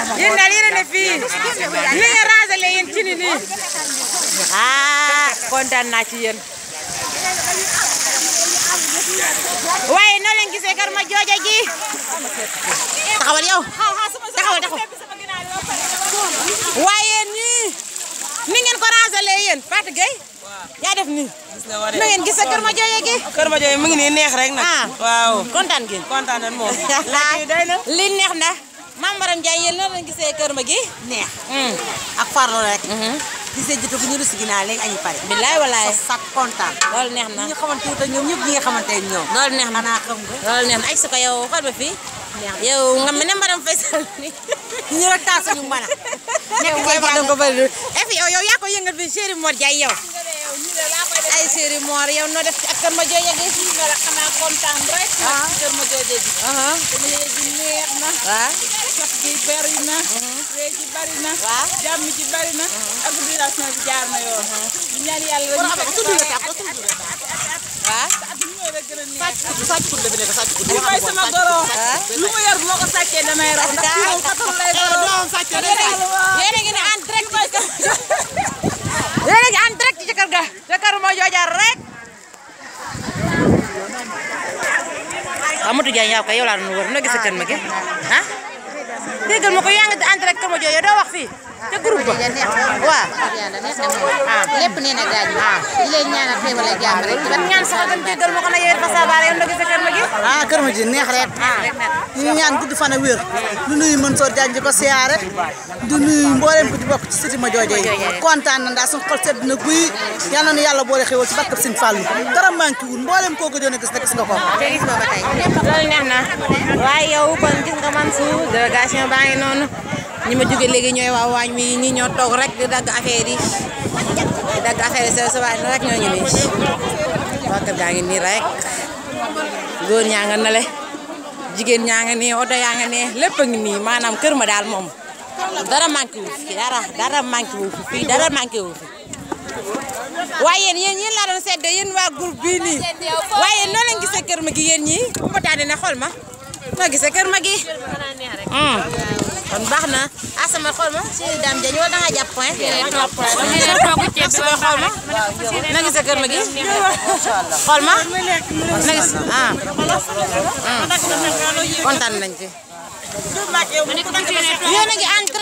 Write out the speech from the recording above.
Yenda lire ne fii li ñu raasale yéen ah kontaan naa ci yéen waaye noo leen gisee kër ma jooja ji taxawal yow taxawal taxaw waaye nii ni ngeen ko raasale yéen Fatou Gueye yaa def nii na ngeen gis sa kër ma jooja gi kër ma jooja mu ngi nii neex maam Maram Ndiaye yéen lan lañ gisee kër ma gi neex. Mm. ak farlu rek. gisee mm-hmm. jot bu ñu rus ginnaaw léegi añu pare. billaay walaay sax kontaan. loolu neex na ñi nga xamante ne ñoom ñëpp nga xamante ne ñoom. loolu neex na xanaa xam nga. loolu neex na ay suka yow xool ba fii. yow nga mel ne Maram Faye Sall nii. ñu ne taasuñu mën a. nekk kay jàll nekk kay jàll yow yaa yëngal fii chéri Mor Ndiaye yow. ay cérémoire yow noo def ci ak Kër Madior yaa ngi si nga la xanaa kontaan rek. ah Kër Madior jéggi. Kër Madior jéggi neex na. waaw sax gi bari na. réew ji bari na. bari na. ak bi jaar na ñaan ñu sama goro lu mu yor damay ndax leer rek Amadou Diagne yaa ko yow laa doon déggal ma ko yaa ngi ànd ak Kama Joy wax fii te groupe ba waaw ah lépp nee na ah ñaanal xéewal ak jàmm rek ba ñaan sax dañ déggal ma ko na yow sa gi ah kër ji neex rek ñaan gudd fan ak wér du nuyu Mansour Diagne di ko siyaare du nuyu mboolem ku ci bokk ci sëti ma jooje na ndax suñu xol sedd na guy yal na nu boole xéewal ci Fallu dara wul gis na gis nga ko neex na yow kon gis tonton Mansour délégation baa ngi noonu ñi ma jóge léegi ñooy waa waañ wi ñi ñoo tok rek di dag affaire yi di dag affaire sé sa rek ñoo ngi ni waa kër gaa ngi nii rek goor ñaa nga nale jigéen ñaa nga nee oto yaa nga nee lépp ngi ni manam kër ma dal mom dara manki wu fi dara dara manki wu fi dara manki wu fi waye yeen yeen la doon sédde yeen wa groupe bii nii waaye noo leen gisee kër ma gi yeen ñi ko tané na xol ma ma gi kër Magui. Hmm. kon baax na ah sama xool ma si Dame Diagne wala da ngaa a point. na gisee kër Magui xool ma na gis ah hmm. kontaan nañ ci. yéen a ngi entre